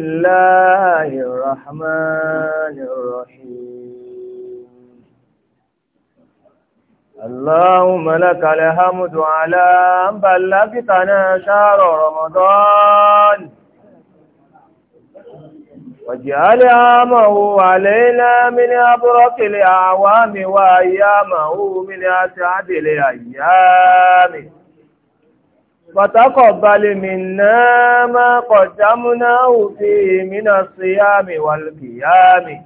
الله الرحمن الرحيم اللهم لك الحمد على أن بلغتنا شهر رمضان واجعل عامه علينا من أبرك الأعوام وأيامه من أسعد الأيام وتقبل منا ما قدمناه فيه من الصيام والقيام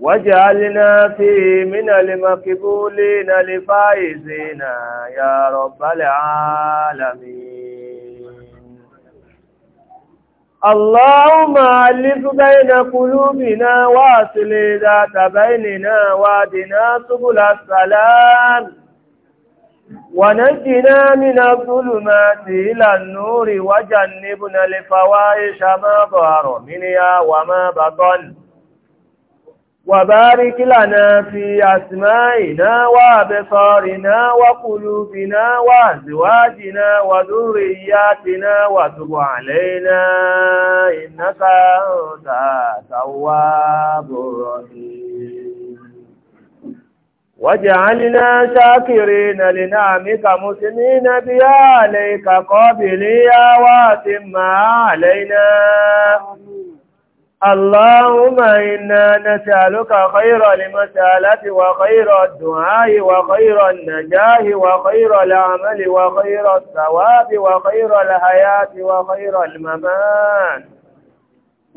واجعلنا فيه من المقبولين الفائزين يا رب العالمين اللهم ألف بين قلوبنا واصل ذات بيننا وادنا سبل السلام ونجنا من الظلمات إلى النور وجنبنا الفواحش ما ظهر منها وما بطن وبارك لنا في أسمائنا وأبصارنا وقلوبنا وأزواجنا وذرياتنا وتب علينا إنك أنت تواب رحيم وجعلنا شاكرين لنعمك مسنين بها عليك قابليا واتم علينا اللهم إنا نسألك خير المسألة وخير الدعاء وخير النجاه وخير العمل وخير الثواب وخير الحياة وخير الممات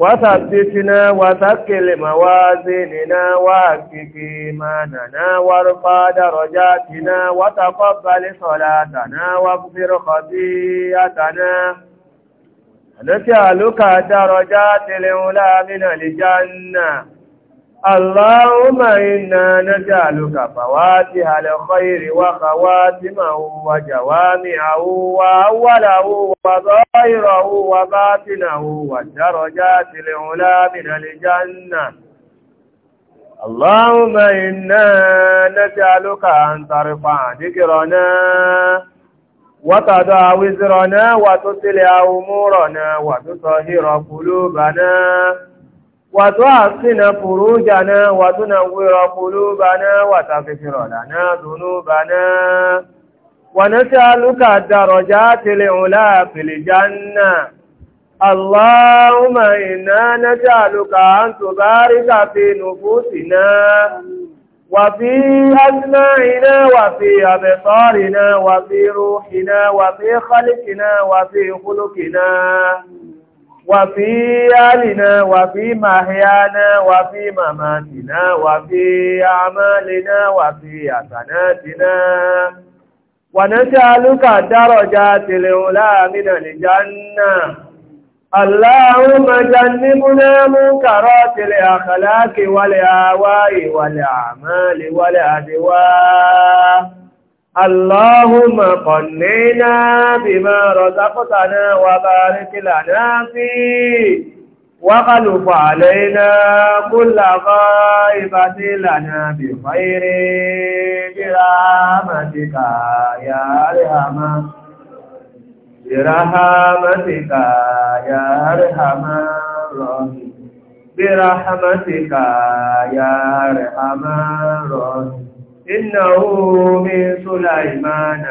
وثبتنا وثقل موازيننا واكف إيماننا وارفع درجاتنا وتقبل صلاتنا واغفر خطيئتنا نسألك درجات الأولى من الجنة اللهم إنا نجعلك فواتح الخير وخواتمه وجوامعه وأوله وظاهره وباطنه والدرجات العلى من الجنة اللهم إنا نجعلك أن ترفع ذكرنا وتضع وزرنا وتسلع أمورنا وتطهر قلوبنا وتحسن فروجنا وتنور قلوبنا وتغفر لنا ذنوبنا ونسألك الدرجات العلا في الجنة اللهم إنا نسألك أن تبارك في نفوسنا وفي أسماعنا وفي أبصارنا وفي روحنا وفي خلقنا وفي خلقنا وفي آلنا وفي محيانا وفي مماتنا وفي أعمالنا وفي حسناتنا ونسألك الدرجات الأولى من الجنة اللهم جنبنا منكرات الأخلاق والآواء والأعمال والأدواء اللهم قنعنا بما رزقتنا وبارك لنا فيه وقلف علينا كل غائبة لنا بخير برحمتك يا أرحم برحمتك يا أرحم الراحمين برحمتك يا أرحم الراحمين إنه من سليمان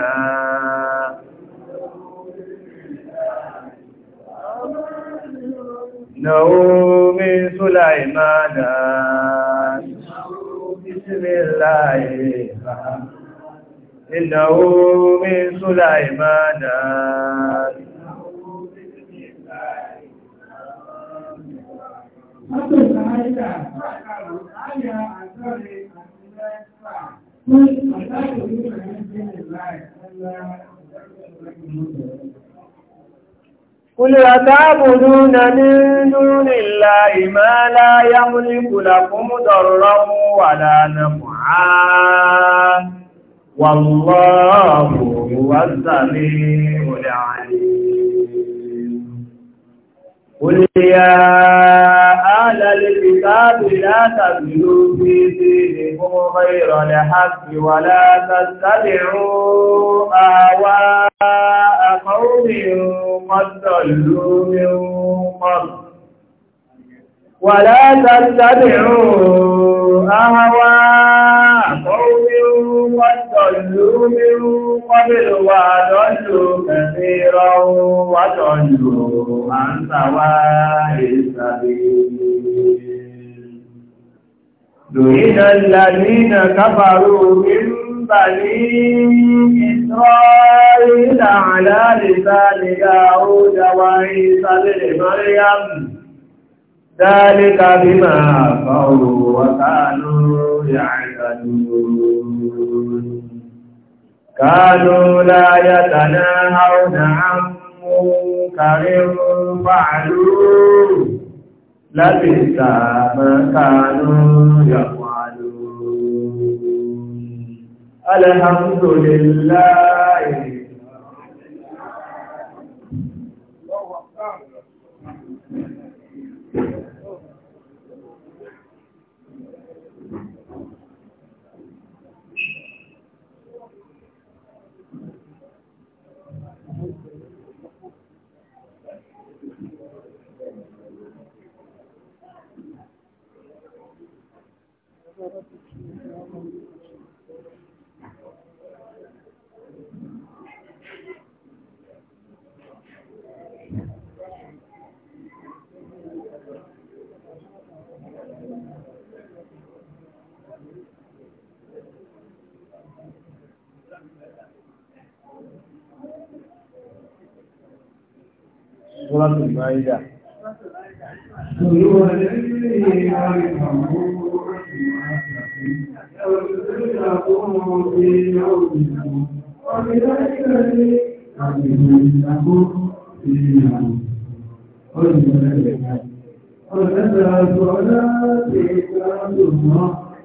إنه من سليمان بسم الله إنه من سليمان Thank you. قل أتعبدون من دون الله ما لا يملك لكم ضرا ولا نفعا والله هو السميع العليم قل يا أهل الكتاب لا تبغوا في دينكم غير الحق ولا تتبعوا آواء قوم قد ضلوا من قبل ولا تتبعوا أهواء وَضَلُّوا مِن قَبْلُ وَأَضَلُّوا كَثِيرًا وَضَلُّوا عَن سَوَاءِ السَّبِيلِ لُعِنَ الَّذِينَ كَفَرُوا مِن بَنِي إِسْرَائِيلَ عَلَى لِسَانِ دَاوُودَ وَعِيسَى ابْنِ مَرْيَمَ ذلك بما عصوا وكانوا يعتدون كانوا لا يتناهون عن منكر فعلوه لبئس ما كانوا يفعلون الحمد لله Sọ́lọ́tù Máídà. Ọjọ́ ìgbẹ̀rẹ̀ ìgbẹ̀rẹ̀. Ọjọ́ ìgbẹ̀rẹ̀ ìgbẹ̀rẹ̀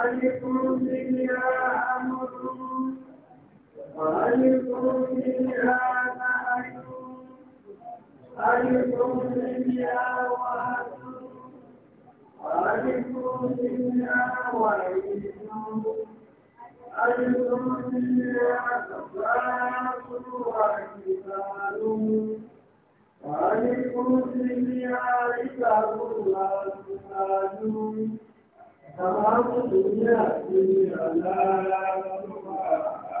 أن يكون فيها أمر وألقوا فيها ألقوا فيها وألقوا فيها وألقوا ألقوا فيها تفاصيل وأجبال وألقوا فيها ركاب وأجبال كما تدنيا فيها لا تفاصيل Bismillahirrahmanirrahim.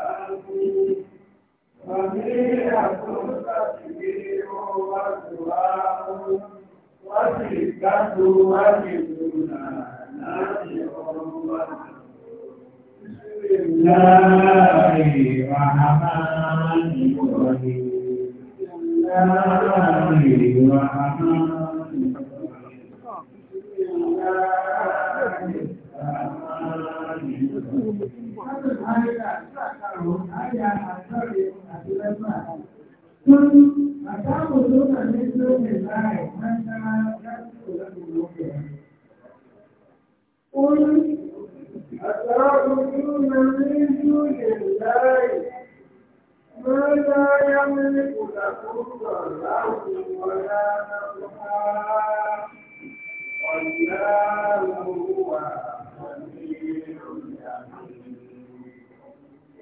Bismillahirrahmanirrahim. àrùn àyà àtọ́rẹ̀ àti lẹ́gbọ́n àti. Tún àtàkù tó kà ní tó lè láì máa ń dára lásìkò láti wọ́n bẹ̀. Ó ní àtàkù tó nà ní tó lè láì máa ń dára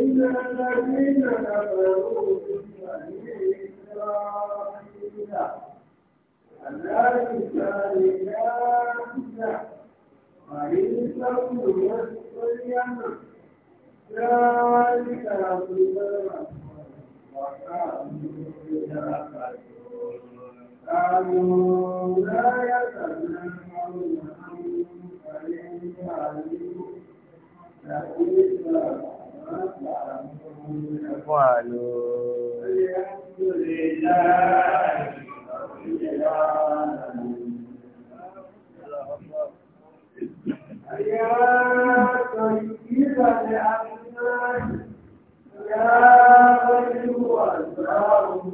إن الذين كفروا من بني إسرائيل كذلك نجزي وإن لم يستيقن ذلك بما كانوا لا يتنهون عن فإن فعلوا لبئس وعلو يا طيب الأمنان يا طيب الزهر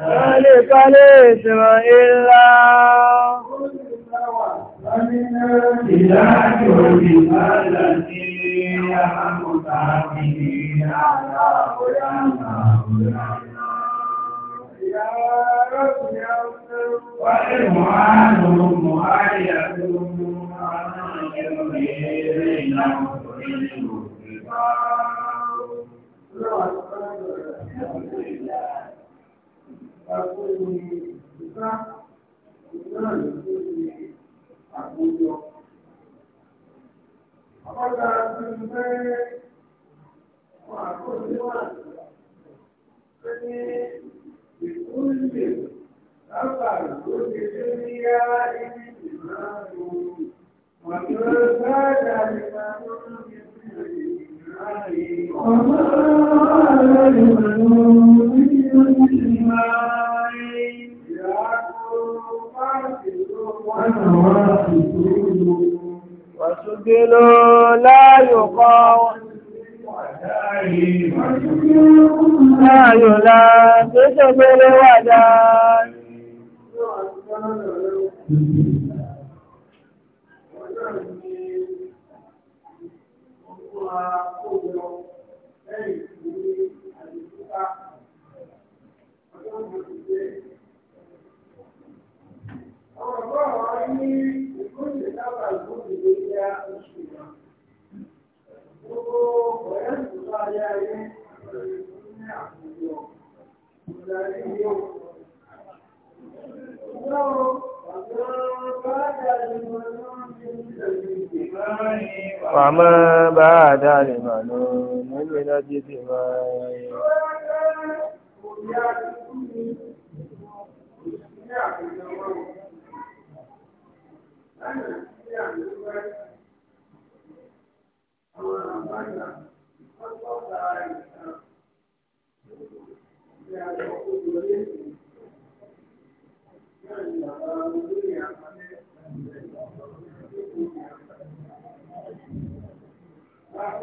ذلك ليس إلا إلى يوم الذي يموت به على والمعان معيد Thank you àkójọ. Ọ̀gá ti ń pẹ́ wọn àkójọ wà pé ní ìkúrúlé lábàá tó ti dé ní yára ibi ìmáàlú. Wàtí ó sáàdà ní àwọn ọmọdé Ọmọ ọlọ́rẹ̀ ìrìnàlú ní ìlú ìmáàrí ìyá tó bá ti Wàṣúgbélò láyò kọ́ láyò láàrín tó gbélé wà dáa. Thank you. وما بعد لمنون من الجسمان Thank you.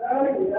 láàrin ìyá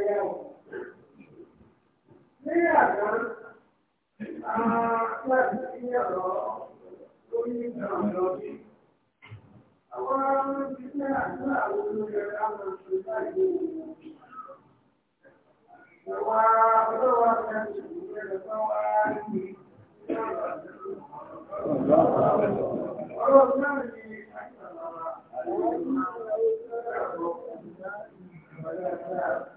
Yeah. ṣé àná láti sí ọ̀rọ̀ lórí ìdáná bí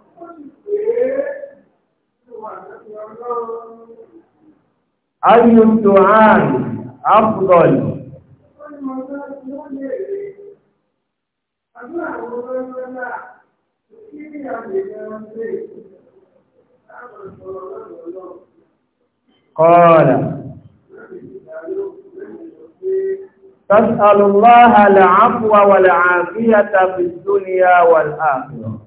أي الدعاء أفضل قال تسأل الله العفو والعافية في الدنيا والآخرة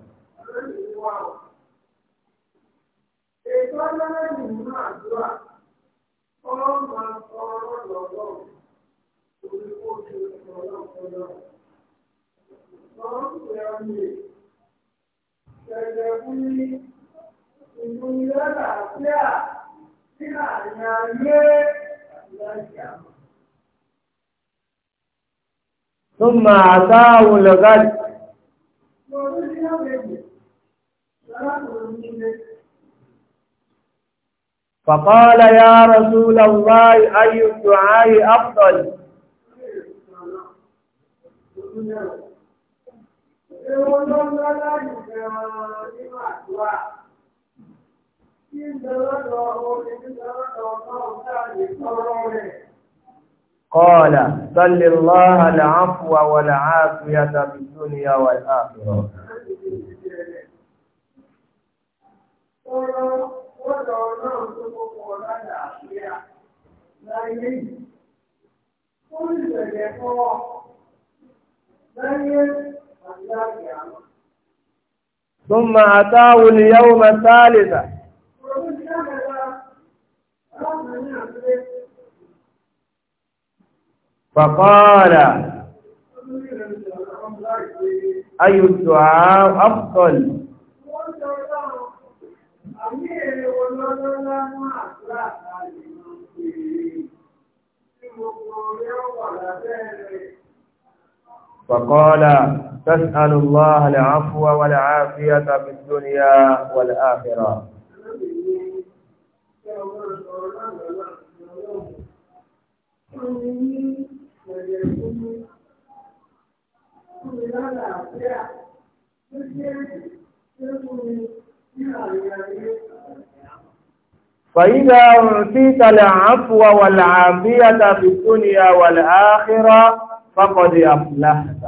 lọ́jọ́ méjì nínú àdúrà ọlọ́run máa sọ ọlọ́run ọlọ́run orí kó ṣe ọlọ́run ọlọ́run. Lọ́run pè ọ́ ní ṣẹ̀ṣẹ̀ fún ní ìlú ilé làásíà sí àárín ayé ìlàjà. ثم أتاه الغد. فقال يا رسول الله أي الدعاء أفضل قال سل الله العفو والعافية في الدنيا والآخرة lọ́dọ̀ ọlọ́run tó gbogbo ọ̀làdà àṣírí láyé yìí. Ó ń ṣẹ̀lẹ̀ kọ́ láyé àti láti àná. ثم أتاه اليوم الثالثة فقال أي الدعاء أفضل فقال تسأل الله العفو والعافية في الدنيا والآخرة Thank you. فإذا أعطيت العفو والعافية في الدنيا والآخرة فقد أفلحت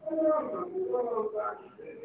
Thank you.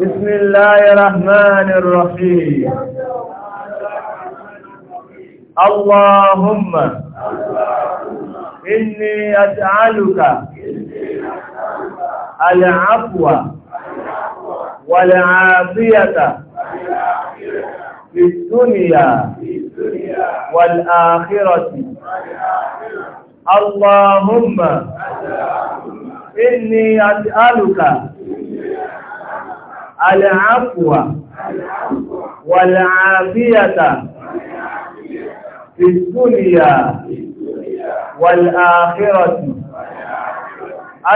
بسم الله الرحمن الرحيم اللهم إني أسألك العفو والعافية في الدنيا والآخرة اللهم إني أسألك العفو والعافية في الدنيا والآخرة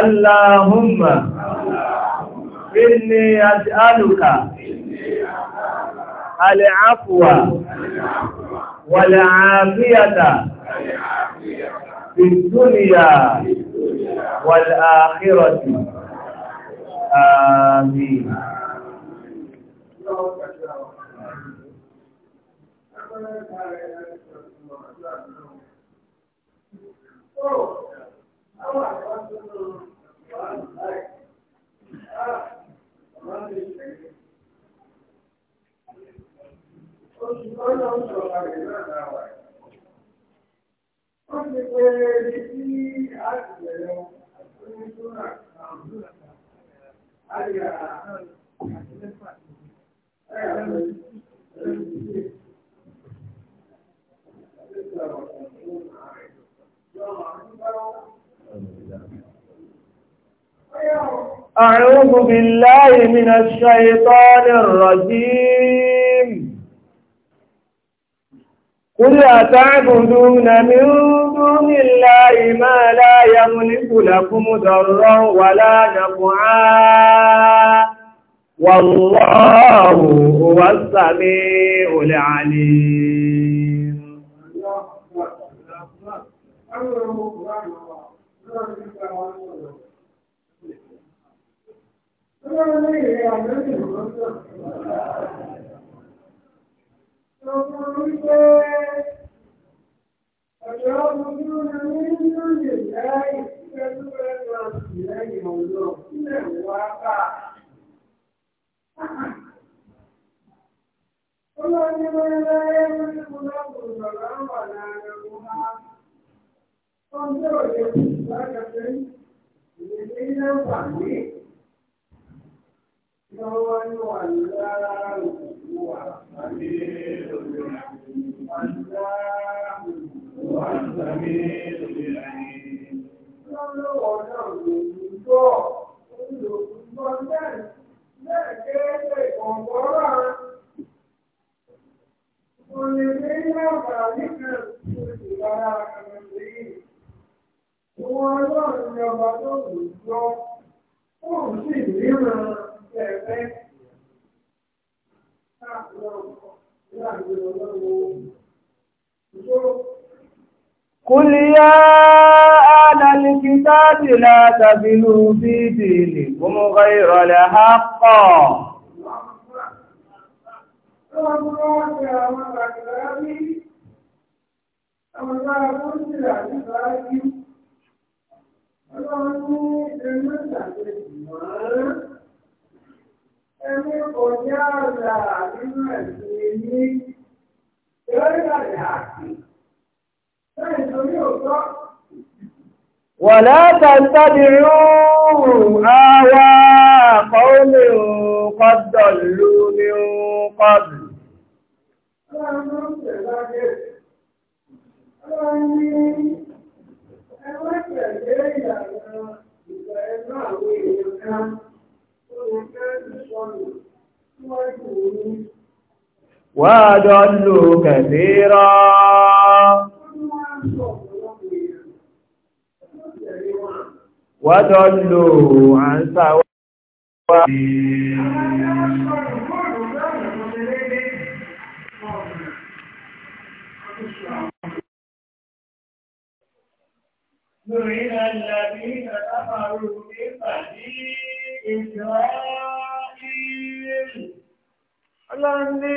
اللهم إني أسألك العفو والعافية في الدنيا والآخرة آمين Thank you. oṣù tó lọ ń sọ àgbẹ̀ náà náà wà. wọ́n ti pe ẹni tí a ti bẹ̀rẹ̀ oní sọ́nà àyà àyà lẹ́yìn أعوذ بالله من الشيطان الرجيم قل أتعبدون من دون الله ما لا يملك لكم ضرا ولا نفعا والله هو السميع العليم Thank you lọ́kùnrin wípé ọ̀dọ́ ọmọdé wọn ní lóde láì síbẹ̀ tó fẹ́ máa sì lẹ́yìn ọ̀dọ́ sílẹ̀ wá bá. Olórí wọlé láyé wọn ní mo lọ́kùnrin bàbá wà lára wọn á. Wọ́n bẹ̀rẹ̀ lè fi ìgbà kẹfẹ́ Ìwọ̀n ọlọ́run ni tó lè jọ, ó sì fẹ́ẹ̀fẹ́ قل يا أهل الكتاب لا تغلوا في دينكم غير الحق Àwọn ará kúrò sí àjíṣà ájú ní kọjá àgbà nínú ẹ̀sìn ní ìrọ́lẹ́gbàdà àti lẹ́yìn tó ní òótọ́. ولا تتبعوا آواء قوم قد ضلوا وَأَضَلُّوا كَثِيرًا وَضَلُّوا عَنْ سَوَاءِ لعن الذين كفروا من Ìsìláìlì. Ọlọ́run ní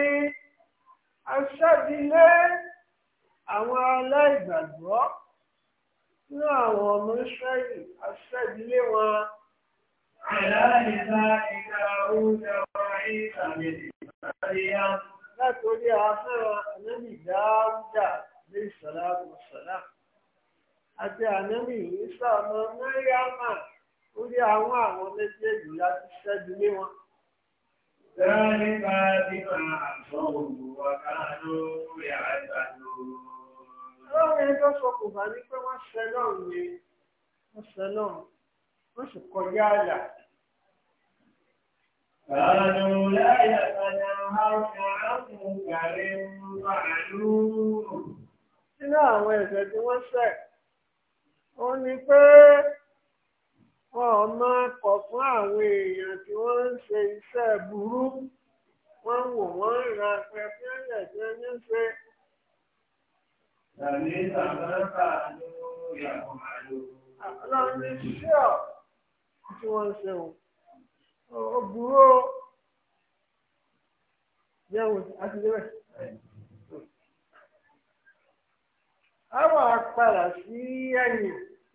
aṣẹ́dilé àwọn aláìgbàgbọ́ ní àwọn ọmọ Ísírẹ́lì aṣẹ́dilé wọn. Àìláìlá ìgbà oúnjẹ wọn ìtàgé ìgbàlẹ́yà. Látòrí afẹ́ra ànábì dáúdà lè sọ̀rọ̀ àti ànábì ìrísà ọmọ Mẹ́ríàmà orí àwọn àwọn méjèèjì láti ṣẹ́jú lé wọn. Sẹ́rí bá bí máa bọ̀ wà kánú yàrá ìgbàlú. Lọ́wọ́ ẹjọ́ sọ kò bá ní pé wọ́n ṣẹ náà ni wọ́n ṣẹ náà wọ́n sì kọjá àlà. Kánú láyà kánú àrùn àrùn kàrí màálù. Nínú àwọn ẹ̀ṣẹ̀ tí wọ́n ṣẹ̀, ó ní pé wọn máa kọ̀ fún àwọn èèyàn tí wọ́n ń ṣe iṣẹ́ burú wọ́n wò wọ́n ra pẹpẹ ẹ̀jẹ̀ ní ṣe. Tàbí tàbátà ló yàgò àlò. Ọlọ́run ní ṣíṣọ́ tí wọ́n ń ṣe o. Ó burú o. Jẹun àti débẹ̀. Àwọn apàdà sí ẹ̀yìn.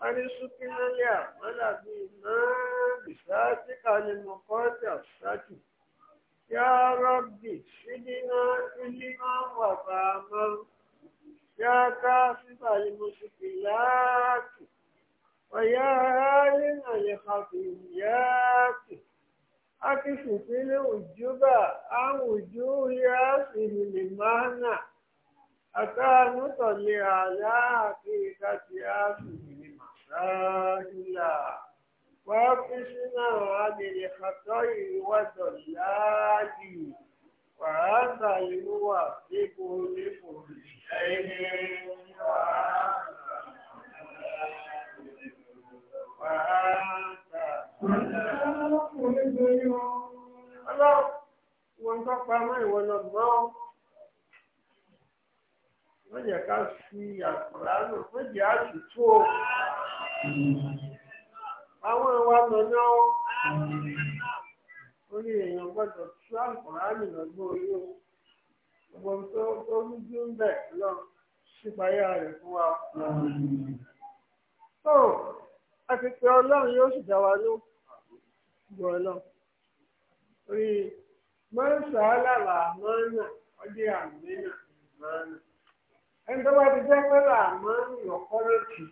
ani sukinale amala bi náà bisati kani mokota sati ya rabbi sidina ilima wa famal ya kasiba li mushkilati wa ya halina li khafiyati akisifile ujuba an ujuya sihilimana أكان طلع على حقيقة أصله ساهلا واقفنا عن الخطأ والضلال وهذا يوافق لكل شيء Ọlọ́run, wọn tọ́pa mọ́ ìwọ̀n lọ́gbọ́n wọ́n jẹ́ ká fi àkùránù wọ́n jẹ́ àtútù o àwọn ìwà tọ̀nà orí èèyàn gbọ́dọ̀ tú àkùránù lọ́gbọ́n orí o gbogbo tó tó rújú ń bẹ̀ lọ sípayá rẹ̀ fún wa. tó a ọlọ́run yóò sì dá wa ló gbọ́ ọlọ́run orí mọ́ńsà alàlà mọ́ńnà ọdẹ àmì náà mọ́ńnà. ẹni tó bá ti jẹ́ pé ràmánù lọ́kọ́rọ́tì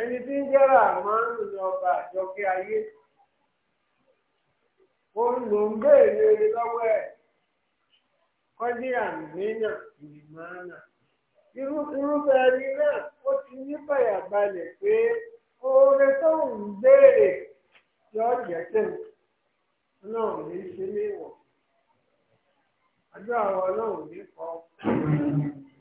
ẹni tí ń jẹ́ ràmánù ní ọba àjọkẹ́ ayé òun ló ń béèrè lọ́wọ́ ẹ̀ kọ́jí àmìnà ìmọ̀ọ́nà irúfẹ́ ẹni náà ó ti ní pé oore tó ń béèrè yọ náà ní náà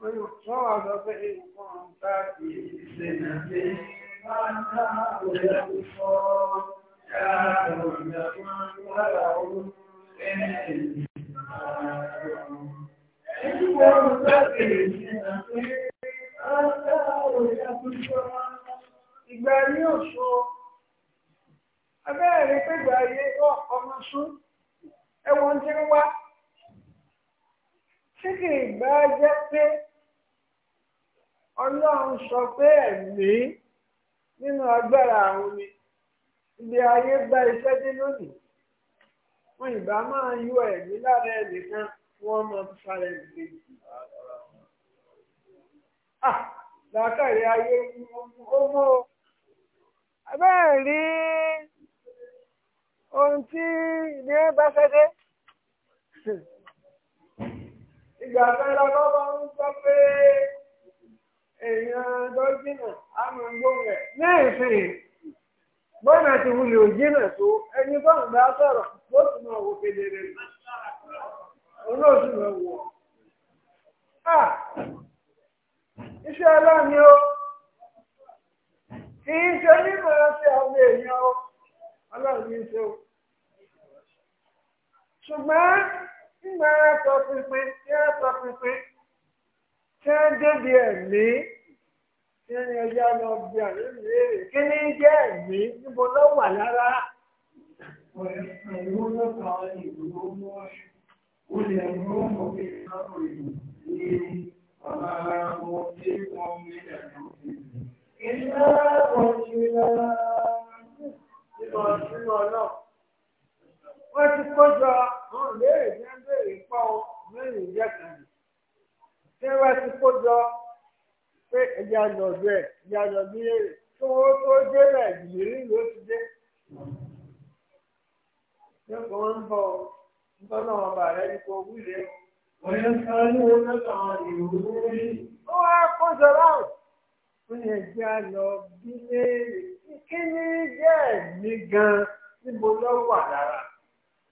Wọ́n wà sọ pé nǹkan bá kì í ṣe nàbí máa ń dá òyà sọ yàtọ̀ ìyàwó lára owó ẹni Ẹni wọ́n bá kì ọmọ sún ẹ̀wọ̀n ti wá tí kì í bá jẹ́ pé ọlọ́run sọ pé ẹ̀mí nínú agbára àwọn ni ibi ayé bá iṣẹ́ dé lónìí wọn ìbá máa yọ ẹ̀mí lára ẹnìkan wọn máa fi sára ẹ̀mí kejì. làákàrí ayé ọmọ bẹ́ẹ̀ rí ohun tí ilé bá fẹ́ dé. ìgbà kẹrẹ lọ́wọ́ ń sọ pé èèyàn tó jìnà gbóhùn ẹ̀. ní ti tó ẹni tó ń gbà sọ̀rọ̀ ó sì máa wò kedere òun wò. iṣẹ́ ọlọ́ni o kì o ọlọ́run ní ṣe ṣùgbọ́n. nígbà sọ pínpín yẹn sọ pínpín tí wọ́n débi ẹ̀mí tí wọ́n ní ẹja lọ bí àlejò kí ní jẹ́ ẹ̀mí níbo ló wà lára. Pẹ̀lú lọ́kàn ìlú mú ó lè mú òkè ìlú ní ọ̀la wọn tí wọ́n mú ẹ̀rọ ìlú. Ìlú ọ̀ṣun náà. Ìlú ọ̀ṣun náà wọ́n ti kójọ àwọn ìbéèrè tí wọ́n béèrè pọ̀ lórí ìjẹ́ kan tí wọ́n ti kójọ pé ẹ̀jẹ̀ àjọ̀dún ẹ̀ ẹ̀jẹ̀ àjọ̀dún léèrè tó wọ́n tó dé rẹ̀ jìbìrì ló ti dé. Nípa wọn ń bọ̀ nípa wọn bà rẹ̀ nípa owó ilé. Wọ́n ní owó mẹ́ta ìrònú rí. Ó wá kójọ láwùjọ. Wọ́n yẹn jẹ́ àlọ́ bí léèrè. Kí ni jẹ́ ẹ̀mí gan-an níbo lọ́wọ́ àdára?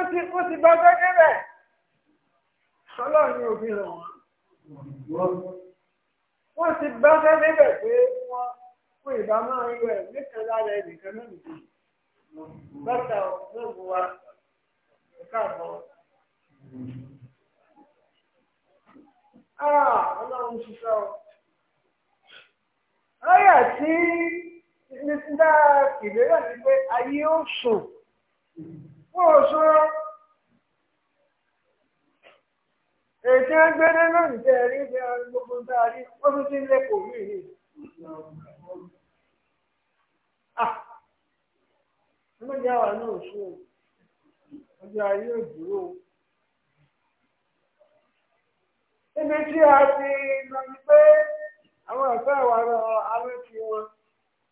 ó ti ó ti gbọ́gbẹ́ débẹ̀ ọlọ́run òbí rẹ̀ wọ́n wọ́n ti gbọ́gbẹ́ débẹ̀ pé wọ́n fún ìbá máa ń yọ ẹ̀ lára ẹ̀ nìkan náà nìkan bàtà ògbóògbò wa ẹ̀ka àbọ̀. Ah, ọlọ́run ṣiṣẹ́ o. Ọ̀yà tí ní kìlérà ni pé ayé ó sùn. oṣù ètí ń gbédé náà nìjẹ́ rí bí i gbogbo ń dáa rí ó tún ti ń lé kò rí rí. Ọmọdé àwọn ní oṣù ọjọ́ ayé òdúró. Ibi tí a ti lọ pé àwọn ẹ̀fẹ́ àwọn wọn.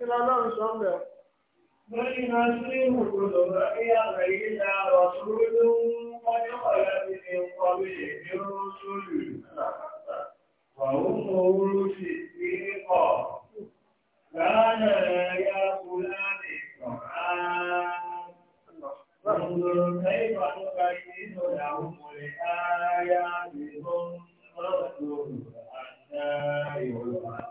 kí lọ́lọ́run sọ ń bẹ̀ ọ́. lórí náà sí ìmùkúndùn bá kí àgbà yìí da ọ̀sùn lóhùn ọjọ́ ọ̀la ti ní kọ́lé ní rúṣùlù nàkàtà ọ̀hún òwúrú sí ti kọ̀. Láàárọ̀ ẹ̀yà Fúlàní kọ̀ọ̀án. انظر كيف نبين لهم لآياتهم ونذكر حتى يعلمون.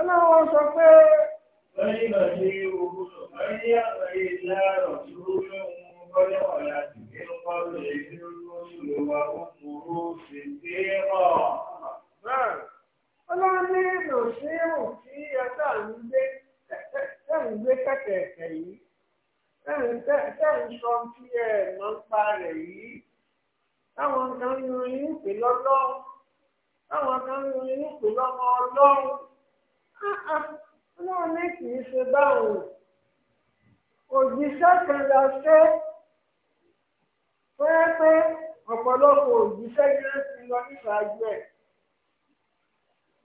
Ọlọ́wọ́ sọ pé lẹ́yìn ọ̀dẹ́ ogun lọ́yẹ́ àgbáyé láàrọ̀ tó lóhun bọ́lẹ̀ ọ̀la ti gbé pọ́lù èdè olóṣù ló wà kúkúrú sí dé mọ́. Ọlọ́run ní ìlò sí ìrùn tí ẹ̀ta ń gbé tẹ̀sán gbé kẹ̀kẹ̀kẹ̀ yìí tẹ̀sán sọ kan ń rin ìpè lọ́lọ́run Ah, ah, ọlọ́run ní kì í ṣe báwọn òjíṣẹ́ kan la ṣe pé pé ọ̀pọ̀lọpọ̀ òjíṣẹ́ yẹn ti lọ níṣáájú ẹ̀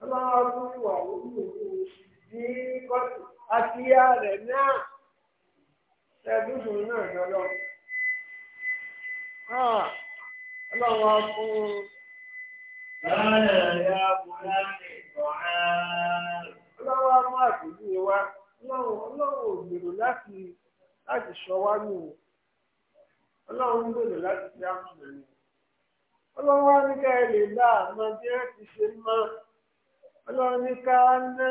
ọlọ́run tún wà lórí òkú oṣù bí kọ́tù àti ìyá rẹ̀ náà ṣẹ́dúnṣùn náà lọ́lọ́ ah, ọlọ́run á fún un. Láyé ẹ̀yà kò láyé ìtọ̀ á lọ́wọ́ mú àpèjúwe wa ọlọ́run ọlọ́run ò gbèrò láti láti sọ wá nù ọlọ́run ń gbèrò láti fi àmúlò ni ọlọ́run wá ní ká ẹ lè bá àmọ́ bí ẹ ti ṣe mọ́ ọlọ́run ní ká ná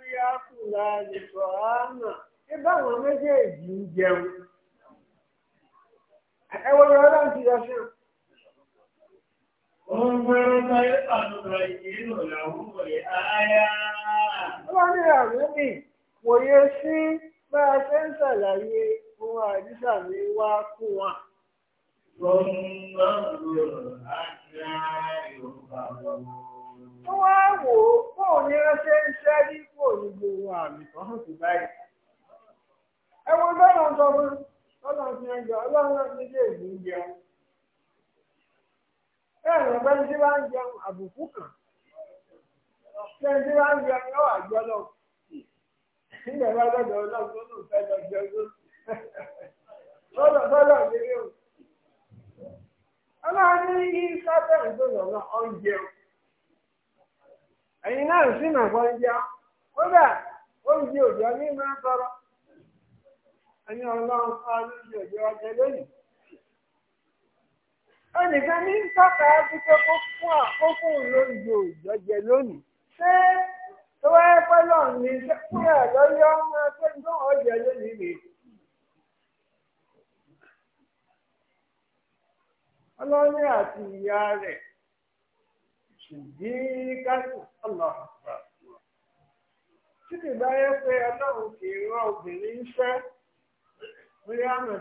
rí àkùlà lè sọ àánà ẹ báwọn méjèèjì ń jẹun ẹ wọlé ọlọ́run ti yọ sí ọ. Wọ́n ní àrùn mi, wòye sí bá a ṣe ń ṣàlàyé ohun àdísà mi wá fún wa. Wọ́n wá wò àmì sí báyìí. bẹ́ẹ̀ ọlọ́run ẹ̀rọ pẹ́ni tí wọ́n ń jẹun àbùkù kan pẹ́ni tí wọ́n ń jẹun yóò àjọ lọ nígbà bá lọ́dọ̀ ọlọ́run tó jẹun lọ́dọ̀ yí lọ ẹ̀yin náà sì ẹnìkan ní tọ́ka wípé kó fún àkókò lóyè òjọ́jẹ lónìí ṣé tó wáyé pẹ́lọ́ ní fúnra lọ́yọ́ máa pé ní tóun ọ̀jẹ̀ lónìí rè. ọlọ́ní àti ìyá rẹ̀ ṣùgbí kásù ọ̀nà títí báyé pé ọlọ́run kì í rán obìnrin iṣẹ́. William ó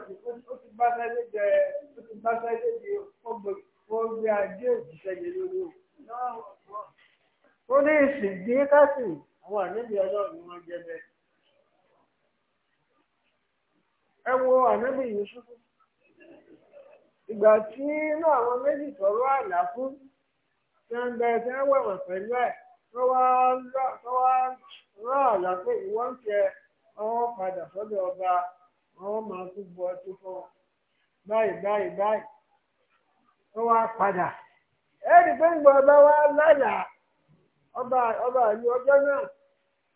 ti bá sáyé jẹ ó ti bá sáyé di ọgbẹ ajé òjíṣẹ́ yẹn lórí o. ó ní ìsìn dín kásìn àwọn ànábì ọlọ́run ni wọ́n jẹ bẹ́ẹ̀. ẹ wo ànábì Yúsúfù ìgbà tí inú àwọn méjì tọrọ àlá fún tí wọ́n gbẹ tí wọ́n wẹ̀wọ̀n pẹ̀lú ẹ̀ tó wá rán àlá pé ìwọ́n ń tẹ ọwọ́ padà sọ́dọ̀ ọba. wọ́n máa bu ọtí fún ọ báyìí báyìí báyìí wá padà ẹ̀rí pé ń ọba wa lálàá ọba ọba ìlú ọjọ́ náà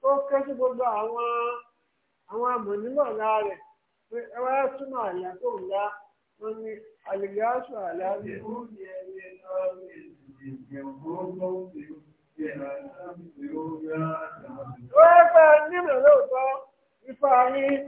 ó ké sí gbogbo àwọn àwọn amọ̀nímọ̀lá rẹ̀ pé ẹ wá túmọ̀ àlá tó ń lá wọn ni àlèyé àlá ní oúnjẹ ẹni ẹni ó nímọ̀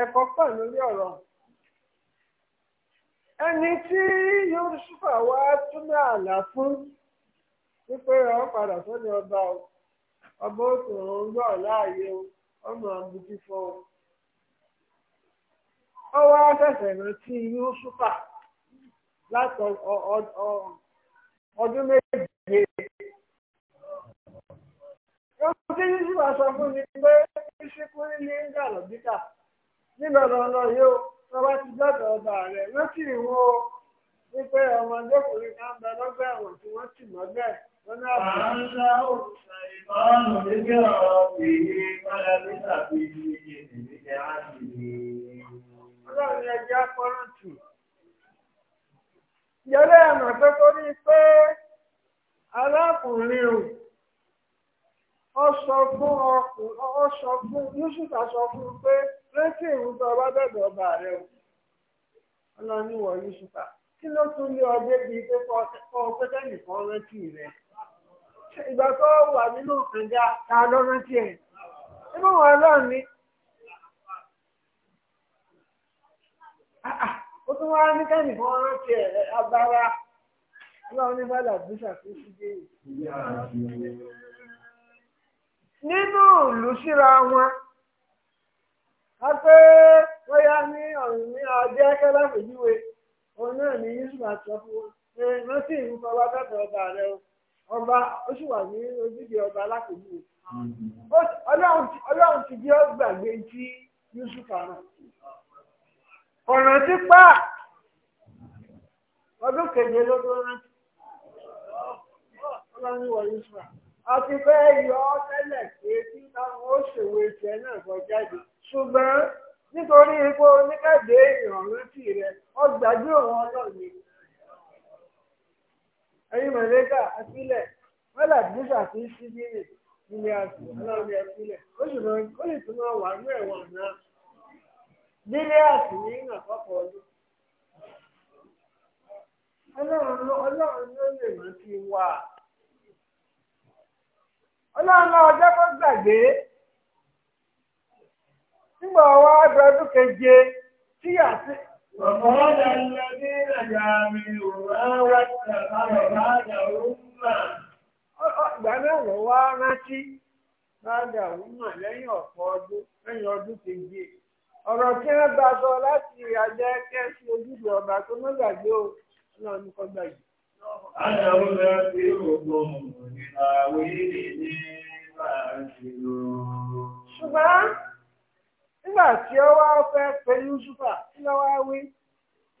ẹ̀kọ́ pọ̀ lórí ẹni tí Yorùsúfà wá túnbẹ̀ àlà fún wípé ọ padà tó ọba o ọba láàyè o ọmọ ọ wá fẹsẹ̀ rántí Yorùsúfà láti ọdún sọ fún mi pé. ìṣekúrí ní gàlọ bíkà níbẹ̀rẹ̀ ọ̀nà yóò tọ́wá ti dọ́dọ̀ ọba rẹ̀ rántí ìwọ wípé ọmọdékùnrin kan bẹ lọ́gbà ẹ̀wọ̀n tí wọ́n ti mọ́gbẹ́ lọ́nà àbúrò. à ń lá ọrụ ìbánu ihe dị Ọ sọ fún ọkùnrin ó sọ fún Yusuf sọ fún pé létí ìrùn tó ọba bẹ̀bẹ̀ ọba rẹ o wọ Yusuf kí ló tún lé ọdẹ bíi pé kọ́ pẹ́tẹ́ nìkan rántí rẹ ìgbà tó wà nínú ìpínlẹ̀ ta ló rántí ẹ̀ nínú ni ah, ah, ó tún wá ní kẹ́nìkan rántí ẹ̀ agbára ọlọ́run ní bàdà bísà tó ṣí dé. nínú ìlú síra wọn a pé bóyá ní ọ̀rùn ní ọjọ́ kẹlẹ́fẹ̀júwe òun náà ní yusuf àti ọ̀fun ẹ ìlú ọba ọba rẹ ọba ó sì wà ní ọba alákòjúwe ọlọ́run ti yusuf pa ọdún lọ́dún ọlọ́run yusuf a ti fẹ́ yọ tẹ́lẹ̀ pé tí táwọn ó ṣèwé tiẹ̀ náà kọ jáde ṣùgbọ́n nítorí pé oníkàdé ìrántí rẹ ọ gbàgbé òun ọlọ́ọ̀ni ẹyin àtìlẹ̀ bíṣà ti ń ṣí bí àti ọlọ́ọ̀ni àtìlẹ̀ ó sì ó sì tún máa wà ní ẹ̀wọ̀n náà délé àti ní àkọ́kọ́ ọdún ọlọ́run ló lè ọlọ́run ọjọ́ kó gbàgbé nígbà wá ọdọọdún keje tí àti. Ọ̀pọ̀lọpọ̀ ẹlẹ́bí ẹ̀yà mi Ìgbà náà lọ wá rántí lẹ́yìn ọ̀pọ̀ ọdún lẹ́yìn ọdún keje. Ọ̀rọ̀ wọ́n gbà sọ láti àjẹ kẹ́sì ojúbọ ọba tó o, ọlọ́run kọ́ gbàgbé. lẹ́yìn tí ṣùgbọ́n nígbà tí ó wá fẹ́ pé Yusufa tí ó wá wí.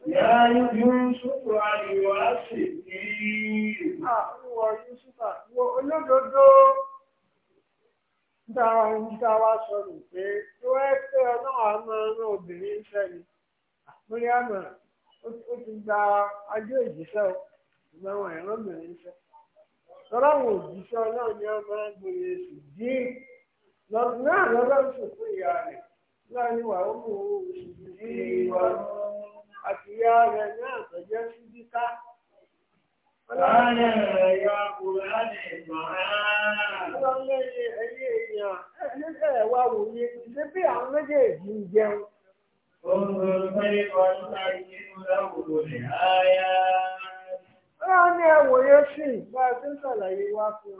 Ìyá Yusufa àríwá sì ní ìwọ̀ Yusufa wo olódodo níta wá wọ́n ẹ́ pé ọlọ́run àmọ́ ọ̀rọ̀ obìnrin ń sẹ́ni àpúrí àmọ́ ó ti gba ajé ìjíṣẹ́ ìgbẹ́wọ̀n ẹ̀rọ obìnrin ń sẹ́. tọ́lá àwọn òjíṣẹ́ ọlọ́run ni wọ́n máa ń gbòòrò èsì díì náà lọ́lọ́run sì fún ìyá rẹ̀ láàrin náà ní ẹwòye sí bá a ti ń ṣàlàyé wá fún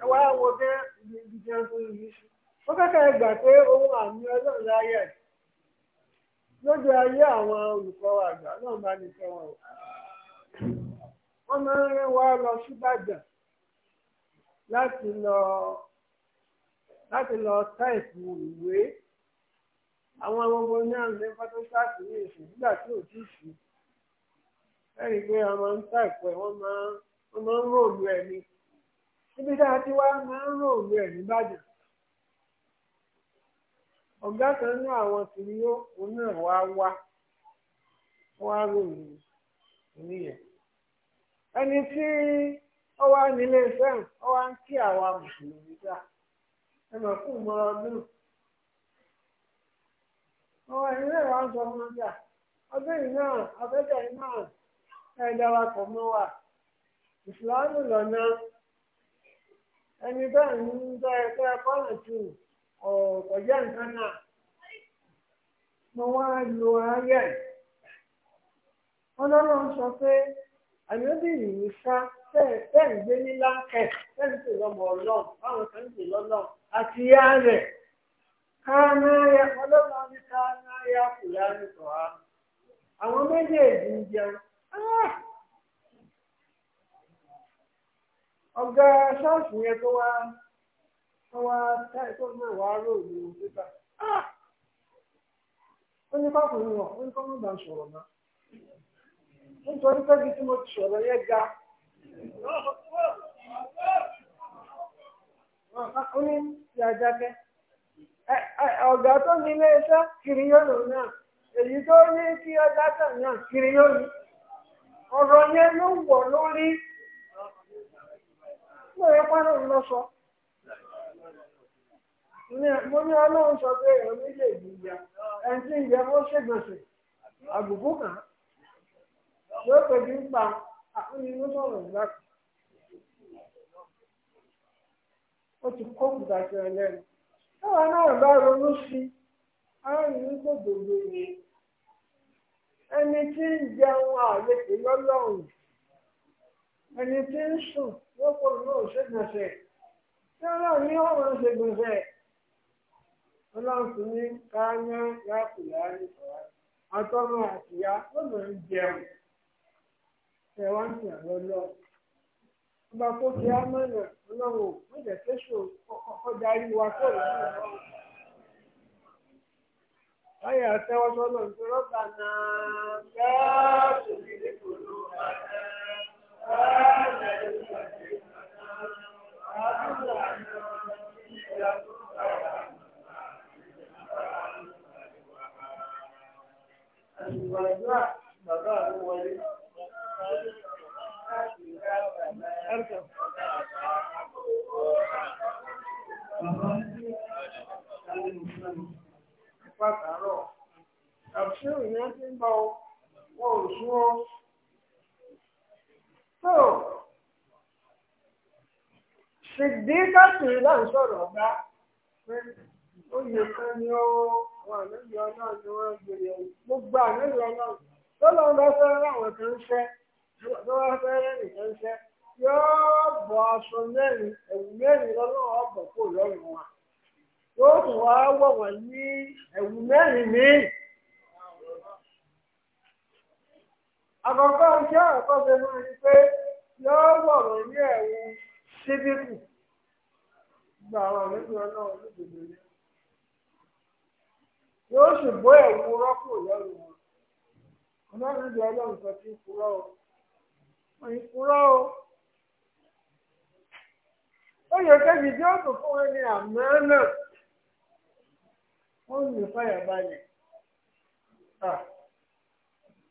ẹ wá wo bí ibi jẹun tó yìí sí. ó kẹ́kẹ́ gbà pé ohun àmì ọlọ́run láyé lójú ayé àwọn olùkọ́ àgbà náà bá ní fẹ́ wọn o. wọ́n máa ń rán wa lọ síbàdàn láti lọ láti lọ táìpù ìwé. àwọn ọmọ náà ní fọ́tọ́sáàtì ní ìsìn nígbà tí ò tíì sí ẹni pé a ma ń ta ẹ̀ wọ́n máa ń ròlù ẹ̀ ni níbi tá a ti ní àwọn wá wá ẹni tí ó wá nílé iṣẹ́ ó wá ń kí àwa mùsùlùmí ọmọ ilé wa ń sọ fún ọjà ọdún yìí náà afẹ́jà yìí náà ẹ̀ darapọ̀ mọ́ wa ìsìláàmù lọ́nà ẹni bẹ́ẹ̀ ń bẹ́ ẹ pé kọ́nà tù ọ̀kọ̀jẹ́ nǹkan náà mo wá lo ayé ọlọ́run sọ pé àyọ́bí yìí sá tẹ́ẹ̀ ń gbé ní láńkẹ̀ tẹ́ẹ̀ ń pè lọ́mọ ọlọ́run báwọn kan ń pè lọ́lọ́run àti yá rẹ̀. ka ya ọlọ́run ní káná ya kù lárúkọ á àwọn méjèèjì ń jẹun ah! ọ̀gá ṣọ́ọ̀ṣì yẹn tó wá tó wá tó náà wá róòlù pípa ah! ó ní kọkùnrin wọn ó ní kọkùnrin bá ń sọ̀rọ̀ náà tí mo ti sọ̀rọ̀ yẹn Ọ tó ní iléeṣẹ́ kiri náà èyí tó ní kí ọjà tàn náà kiri yóò onye ọ̀rọ̀ yẹn ló wọ̀ lórí lóye pálọ̀ ń lọ sọ mo ní ọlọ́run sọ pé èèyàn méjèèjì ìyá ẹni tí ìyá ṣègbèsè ń pa táwa náà bá ronú sí aráàlú kò gbogbo yìí ẹni tí ń jẹun àlejò lọ́lọ́run ẹni tí ń sùn lóko náà ṣègbọ̀nsẹ̀ tí ọlọ́run ní ọ̀rọ̀ ṣègbọ̀nsẹ̀ ọlọ́run tún ní káyọ́ lákùlá nípa àtọ́nà àtìyá lọ́nà ń jẹun ẹ̀ wá ń tẹ̀ ọba tó fi á mọ̀nà ọlọ́run òkú ìdẹ̀kẹ́sọ ọkọjà ìwà tó rẹ̀ ní ìlú. báyà tẹ́wọ́ sọ́nà ní rọ́bà náà gáàsì ní ìlú ọ̀dà gáàsì ní ìlú ọ̀dà Ìwàdúrà bàbá àwọn wọlé. ń bọ̀ wọn ò sú o. tó ṣèdí káàkiri kan ni wọn àlejò gbèrè gbogbo tó bá kan tó wá aṣọ wa yóò tún wá ní àkọ́kọ́ iṣẹ́ àkọ́kọ́ náà ni pé yóò wọ̀rọ̀ ní ẹ̀wọ̀n síbíkù gba àwọn àlejò ọlọ́run nígbèdè rẹ̀ yóò sì bó ẹ̀wọ̀n rọ́pò lọ́rùn wọn ọlọ́run ìjọ ọlọ́run sọ ti ń purọ́ o wọ́n ń o ó yẹ tí ó tún fún wọn ní wọ́n ń lè fàyà balẹ̀. Ah.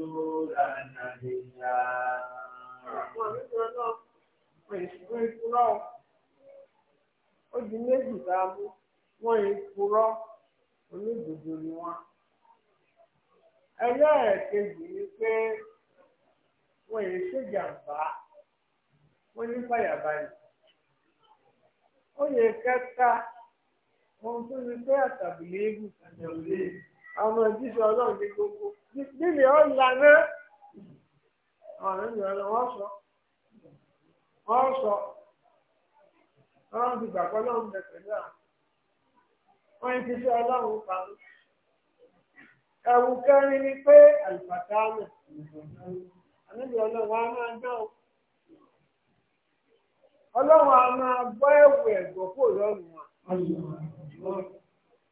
ó di méjì tá a mú onye yìí nwa. ni wọn ẹlẹ́ẹ̀kejì ni pé wọn yìí ṣèjàmbá wọn ní fàyàbalẹ̀ ó yẹ kẹta ohun pé ọmọ jíṣẹ́ ọlọ́run ní gbogbo nílé ọ̀ lànà ọ̀rẹ́ mi sọ wọ́n sọ ọlọ́run ti gbàgbọ́ ọlọ́run bẹ̀ pẹ̀lú àwọn wọ́n ti ṣe parí ẹ̀wù kẹrin ni pé àlùfàtà náà àníbi ọlọ́run á máa dán o ọlọ́run á máa bọ́ kò lọ́rùn wa.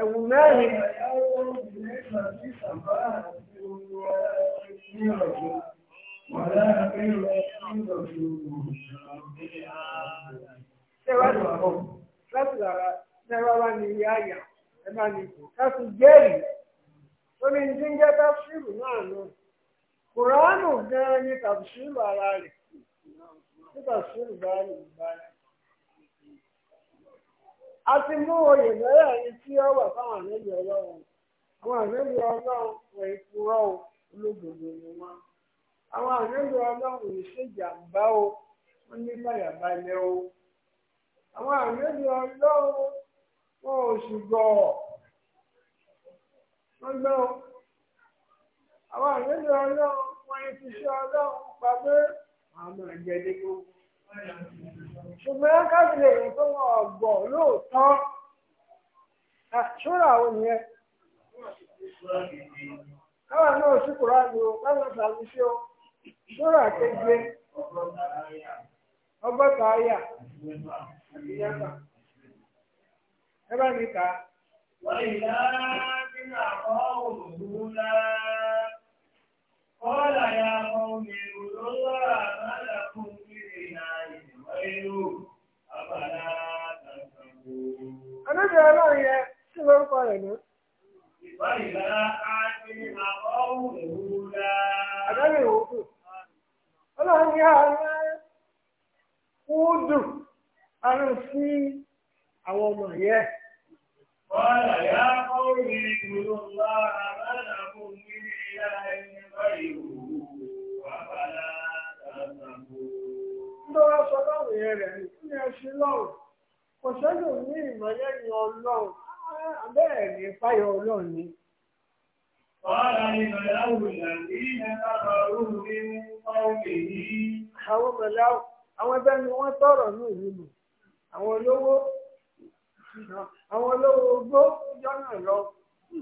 ẹ̀wù mẹ́rin. Láti lára náírà wá ní ilé àyà ẹ máa ní kò káfí jẹ́rìí. Ó ní ní ń jẹ́ tafsírù náà náà. Kùránù a ti mú oyè mẹ́rẹ̀ ní tí ó wà fáwọn àlejò ọlọ́run àwọn àlejò ọlọ́run wọ̀ ìpurọ́ olóògbé ni wọ́n àwọn àlejò ọlọ́run ò ṣèjàmbá o wọ́n ní bàyàbalẹ̀ o àwọn àlejò ọlọ́run wọn ò ṣùgbọ́ wọ́n gbọ́ àwọn àlejò ọlọ́run wọ́n ti ṣe ọlọ́run pa pé àwọn àjẹdẹ́gbọ́n. ṣùgbọ́n káfílẹ̀ èèyàn tó wọ́n ọ̀gbọ̀ lóòótọ́ ṣúra a nìyẹn káwà náà ṣùkúrọ̀ àmì o káwà sàmì sí o ṣúra kéje ọgọ́ta àyà ẹ mi kà wọ́n àkọ́ náà ya ọmọ mi ò lọ́wọ́ Àdébì ọlọ́run yẹ sí lórúkọ rẹ̀ náà. Ìbáyìlá á ní àwọn ohun ìwúlá. Àdébì ìwòkù. Ọlọ́run ọmọ yẹ. Bọ́lá yá kọ́ orí ìgbòho ńlá àbádàbò nílé ilá ẹni báyìí lọ́wọ́ sọ láwọn yẹn rẹ̀ ní kí yẹn ṣe lọ́rùn ní ìmọ̀lẹ́yìn ọlọ́run ni ní Àwọn ẹgbẹ́ ni wọ́n tọrọ ní ìlú Àwọn olówó, àwọn olówó ogbó lọ. ní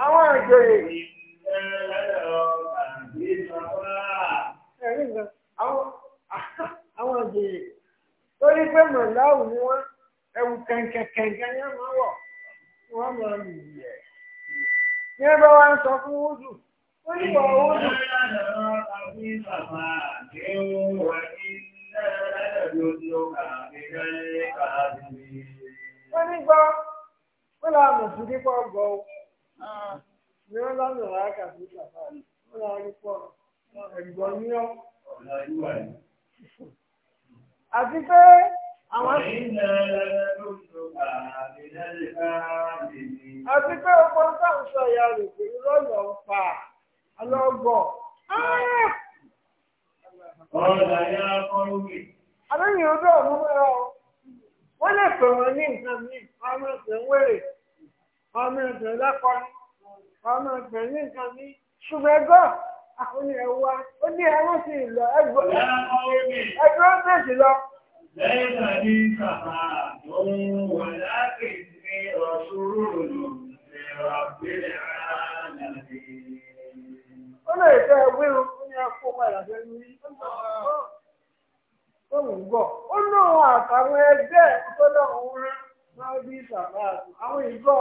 Àwọn àjòyè. ẹ̀rí àwọn àgbèrè torí pé màláwù ni wọ́n ẹ̀wù kẹ̀kẹ̀kẹ̀kẹ̀ yẹn máa wọ̀ wọ́n máa lù yẹ̀. ní ẹ bá ń sọ fún wúdù ó ní bọ̀ wúdù. wọ́n ní gbọ́ wọ́n lọ àmọ̀ fún kíkọ́ gbọ́ o. ni wọ́n bá lọ wáyà kà sí bàbá rẹ̀ wọ́n lọ rí pọ̀ ẹ̀gbọ́n ní ọ́. àti pé àwọn. àti pé ọkọ táwọn sọ ìyá rẹ̀ pé irọ́ lọ ń ọ̀la ya kọ́rù mi. àbẹ́yìn ojú ọ̀hún mẹ́ra wọ́n lè pè ní nǹkan mi wọ́n máa ń wèrè wọ́n máa ń pè ọmọ ìgbẹ̀rún nǹkan ní ṣùgbọ́n ẹgbọ́ àwọn ẹ̀wà ó ní ẹran sí ìlọ ẹgbọ́ ẹgbọ́ méjì lọ. lẹ́yìn náà ní kàkà òun wà láti ní ọ̀ṣọ́rọ̀ lò lẹ́rọ̀ gbélé ara nàbí. ó lè fẹ́ wíwú ó ní ẹkú padà sẹ́nu rí tó ń bọ̀ ó lóun àtàwọn ẹgbẹ́ tó lọ́wọ́ rán máa bí sàbáàtù àwọn ìgbọ́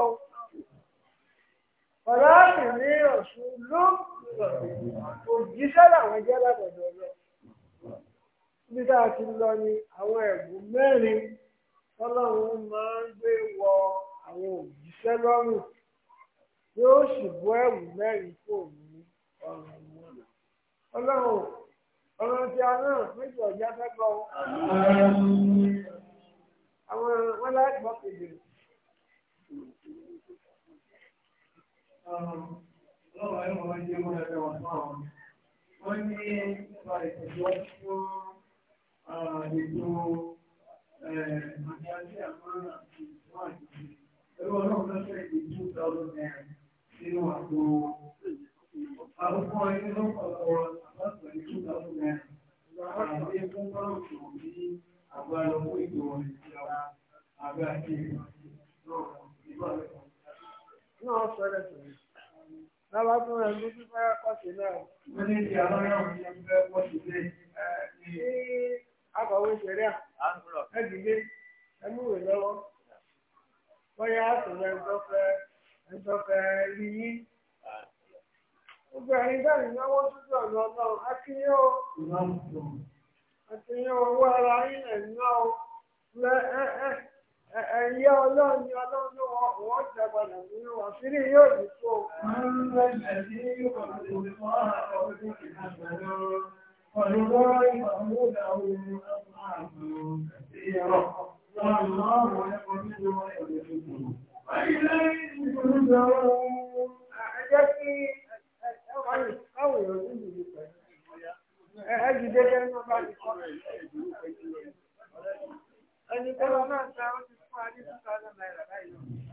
Fọláàfin ní Ọ̀ṣun ló òjíṣẹ́ làwọn jẹ́ látọ̀dọ̀ lọ. Bí tá a ti lọ ni àwọn ẹ̀bùn mẹ́rin tọ́lọ́run máa ń gbé wọ àwọn òjíṣẹ́ lọ́rùn yóò sì bú ẹ̀wù mẹ́rin kò ní ọ̀rùn wọn. Ọlọ́run ọ̀rọ̀ ti àná méjì ọ̀já fẹ́ gbọ́. Àwọn wọn láì gbọ́ kedere. ọlọ́run ayé wọn jẹ́ wọn ẹgbẹ́ wọn fún àwọn wọ́n ní nípa ìtẹ̀síwájú fún ètò àti àmọ́ràn àti ìtọ́ àti ẹgbẹ́ ọlọ́run lọ́sẹ̀ èdè two thousand naira nínú àpò àkókò ẹni ló kọ̀ọ̀kọ̀ àbáṣọ ní two thousand naira àti ẹgbẹ́ bọ́ọ̀lù tó ní àgbà lọ́wọ́ ètò ìjọba àgbà àti ìgbà náà ìgbà rẹ̀. náà fẹ́rẹ̀ fẹ́rẹ̀. Lábá fún ẹ̀ ló tún fẹ́ pọ̀sí náà. Wọ́n ní ti àwọn ọ̀rọ̀ mi ń fẹ́ pọ̀sí lé. Ní akọ̀wé ṣẹ̀ríà, ẹ A ti o. A wọ́n Ẹni tó lọ náà ta ó ti fún wa ní two thousand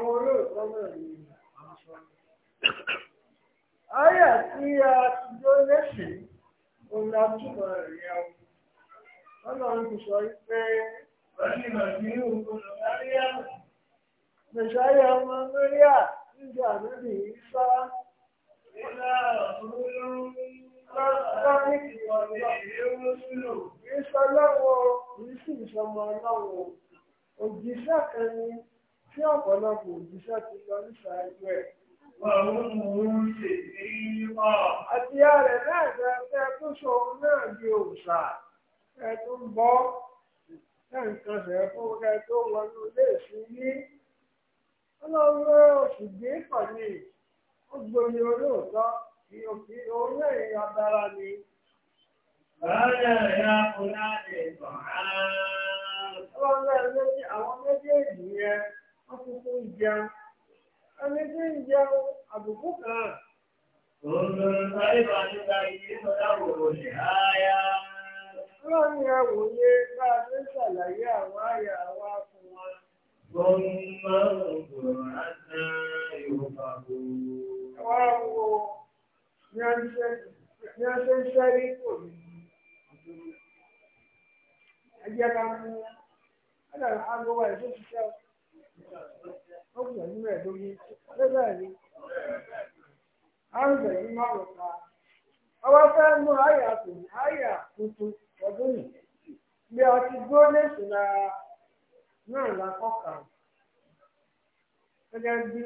àwọn olóòtọ́ náà ni àwọn sọ. Ayà tí a ti dó lẹ́sìn, òun la túbọ̀ rẹ̀ yá o. Ọlọ́run ti sọ pé Mẹ̀ṣáyà ọmọ Mẹ́ríà nígbà níbi ìsá. Lọ́sọ́nìkì ọ̀dọ́ ìsọlọ́wọ́ kìí sì ìsọmọ ọlọ́wọ́. Òjìṣẹ́ kan ni tí ọ̀pọ̀lọpọ̀ òjíṣẹ́ ti lọ níṣáájú ẹ̀. Àti ààrẹ náà fẹ́ fẹ́ tó sọ òun náà di òòṣà ẹ tó ń bọ́ ẹ̀ǹkan ṣẹ̀ fún ẹ tó wọnú ilé ìsìn Ọlọ́run oṣù gbé pọ̀ ó gbomi olóòótọ́ ìyókì òun náà ìyá dára ni. Bàálẹ̀ ìyá Fúlàní Bọ̀hán. Ọlọ́run ẹ̀ ló ní àwọn méjèèjì yẹn. akwụkwọ ìjẹun ẹni tí ń jẹun àbùkù kan. Òòrùn sáyébà nípa ìdí sọ́dá wòrò ní àyà. Ọlọ́run ni a wòye bá ahụ ti ń ahụ ahụ a na ń ṣẹ́rí kò ahụ. ahụ. ọ pẹ̀lú mẹ́ẹ̀ẹ́dógún ṣé bẹ́ẹ̀ ni ahụ bẹ̀rẹ̀ nínú àrùn ká ọba fẹ́ mú àyà tó àyà tuntun ọdún yìí bí a ti dúró lẹ́sùnà náà la kọ́kà gẹ́gẹ́ bí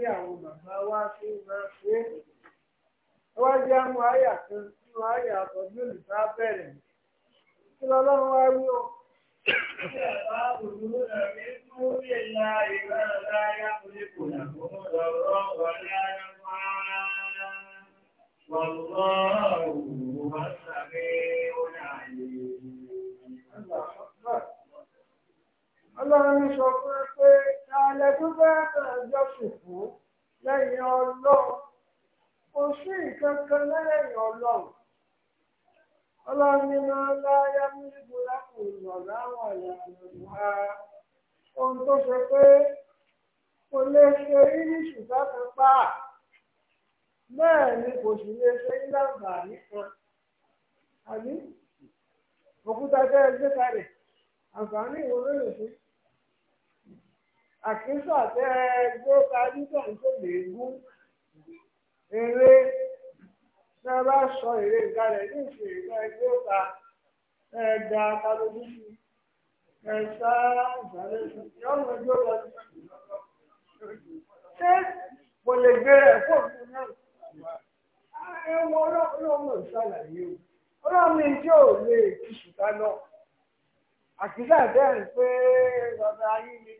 sị bàbá Ọlọ́run sọ fún ẹ pé tààlẹ́ tó bẹ́ẹ̀ náà jọ́sìn fún lẹ́yìn ọlọ́run. Kò sí ìkankan lẹ́yìn ọlọ́run. ọlọ́run ní máa ń láyá ní ìbúlákù ìrọ̀lá àwọn ha ohun tó ṣe pé kò lè ṣe iríṣù sáfẹ́ pa bẹ́ẹ̀ ni kò sì lè ṣe nìkan àbí òkúta tẹ́ ẹ kalẹ̀ àǹfààní ìwọ ló lè ṣe àkíńsà tẹ ẹ kalẹ̀ tí wọ́n bá sọ èrè nǹkan rẹ̀ ní ìsìn ìgbà ẹgbẹ́ òkà ẹ̀ẹ́dà kálójúsì ẹ̀ẹ́sà ìgbàlẹ́sì yọ̀ọ́ ẹgbẹ́ òkà ṣé mo lè gbé rẹ̀ fún òfin náà ẹ̀wọ̀n ọlọ́mọ ìṣàlàyé o ọlọ́mi tí ò lè ti ṣùtá lọ àkísà bẹ́ẹ̀ pé bàbá yín ni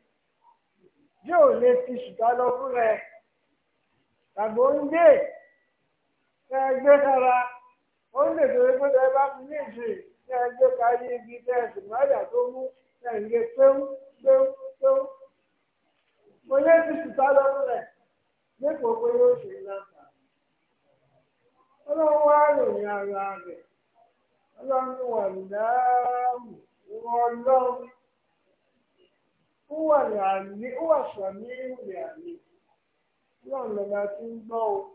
tí ò lè ti ṣùtá lọ fún rẹ̀ tàbí oúnjẹ tẹ gbé sára ó lè torí pé tẹ bá fi ní ìsìn tẹ gbé parí igi tẹ sì mọ́jà tó mú tẹ ń péwú péwú péwú. mo yẹ ti sùtá lọ́wọ́ dípò pé yóò ṣe láǹfà. ọlọ́run wá ròyìn ara rẹ̀ ọlọ́run wà láàmú ọlọ́run wà láàmú wà sàmí ìwé àmì ọlọ́run lọ́ba tí ń gbọ́ o.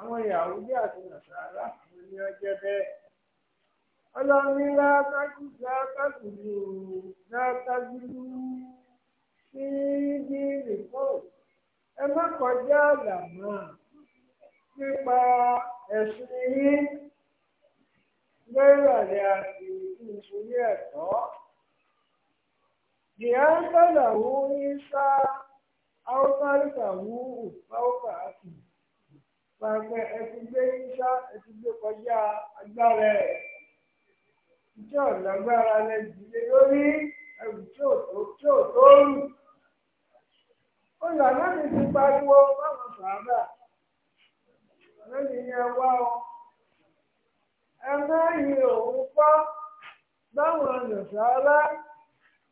àwọn Yahudi àti Nàsárà àwọn ni wọ́n jẹ́ bẹ́ẹ̀. ọlọ́ni látàkù látàkù ju látàkù ju sí bíìrì fún ẹ má kọjá àlàmọ́ nípa ẹ̀sìn yín lẹ́yìn àlẹ́ àti ìṣòrí ẹ̀tọ́. Ìyá ń bẹ̀rẹ̀ wú ní sáà, àwọn bá wú òfáwọ́fà àti ìgbà. pàpẹ ẹtùgbé yíṣá ẹtùgbé kọjá agbára ẹ tí lágbára lẹ lórí ẹrù tí ò tí ò tó rù ó là lẹ́nu ti pariwo báwọn sàábà ọ ẹ òun pọ́ báwọn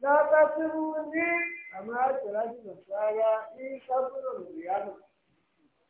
lábẹ́ tí wọ́n ní àmọ́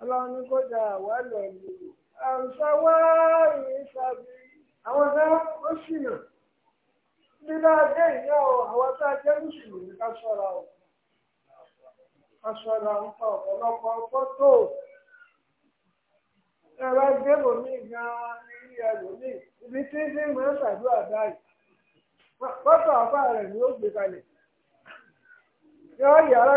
ọlọ́run ní kó da àwálẹ̀ lò àǹsáwá ìsàbí àwọn náà ó ṣìnà nílá ajé ìyá o àwọn tá a jẹ́ mùsùlùmí ká ṣọ́ra o ká ṣọ́ra ń pa ọ̀pọ̀lọpọ̀ ẹ̀rọ ní ibi tí ń fi máa ṣàdúrà báyìí fọ́tò àbá rẹ̀ ni ó gbé kalẹ̀ yọ yàrá.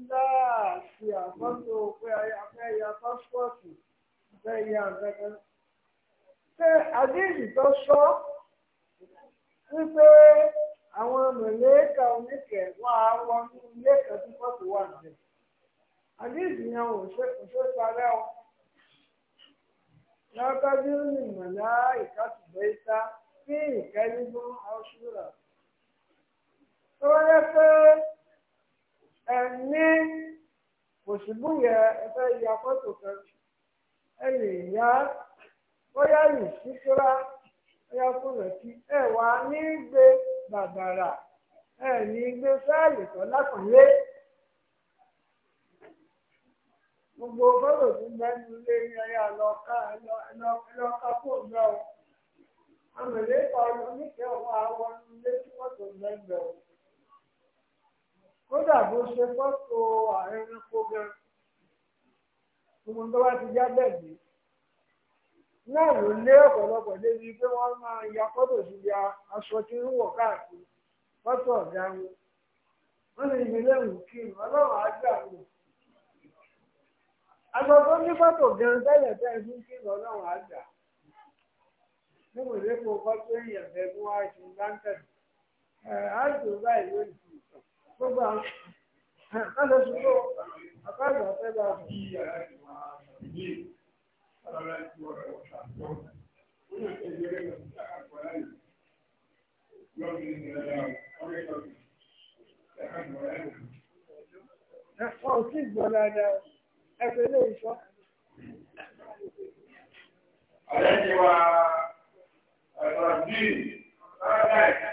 ńlá àti àkọ́tò pé afẹ́ ya pásítọ̀tì afẹ́ ya nǹkan ṣé àdéhì tó sọ wípé àwọn mẹ̀lẹ́kà oníkẹ̀ wà á wọnú ilé kan tí pọ́ọ̀tù wà níbẹ̀ àdéhì yẹn ò ṣe kò ṣe parẹ́ o lọ́kọ́jú ní ìmọ̀lá ìkàtúbẹ̀ ìta sí ìkẹ́lí fún ọṣùrà tó wáyé pé. e ní òṣìbù ẹ ya fọ́tò kan ẹ lè yá bóyá yìí síkúrá bóyá fún rẹ̀ kí ẹ ní gbé bàbàrà ẹ ní gbé gbogbo fọ́tò tó mẹ́nu lé ní ẹyà lọ́ka lọ́ka kó náà àmì lẹ́kọ̀ọ́ lóníkẹ́ ọ̀wọ́ àwọn ilé tí kódà bó ṣe fọ́tò ààrẹ ẹranko gan gbogbo tó bá ti gbé náà ló ọ̀pọ̀lọpọ̀ débi pé wọ́n máa ya fọ́tò ya aṣọ tí ń wọ̀ káàkiri fọ́tò ọ̀gá wọn wọ́n lè yí lẹ́rù kí ọlọ́run ní fọ́tò gan tẹ́lẹ̀ tẹ́lẹ̀ fún kí ọlọ́run gbogbo àwọn ọ̀sẹ̀ ṣùgbọ́n àkáàgbà fẹ́ bá ọ̀sẹ̀. Ẹ̀fọ́ ò sí ìgbọ́ dáadáa ẹgbẹ́ ilé ìṣọ́. Àlẹ́ ti wá ẹ̀rọ bíi ọ̀rọ̀ láìpẹ́.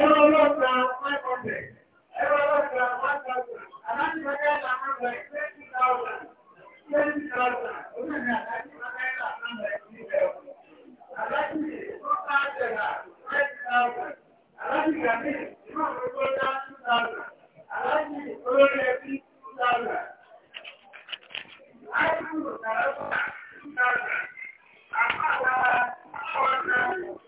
Ẹ̀rọ lọ́ta 500, ẹ̀rọ lọ́ta 1,000, àlájú ọjọ́ ìlànà ọ̀rọ̀ ẹ̀ 20,000, 20,000, orílẹ̀-èdè àlájú ọjọ́ ìlànà ọ̀rọ̀ ẹ̀ sílẹ̀ ọ̀rọ̀. Àlájú ìfọ́ká àjẹ̀lá 20,000, àlájú ìgbàmí ìmọ̀ ọ̀rọ̀ ọjọ́ 2,000, àlájú olórí ẹbí 2,000. Àìsùn ọ̀rọ̀ ọ̀rọ̀ 2,000, àpá àpá ọ̀rọ̀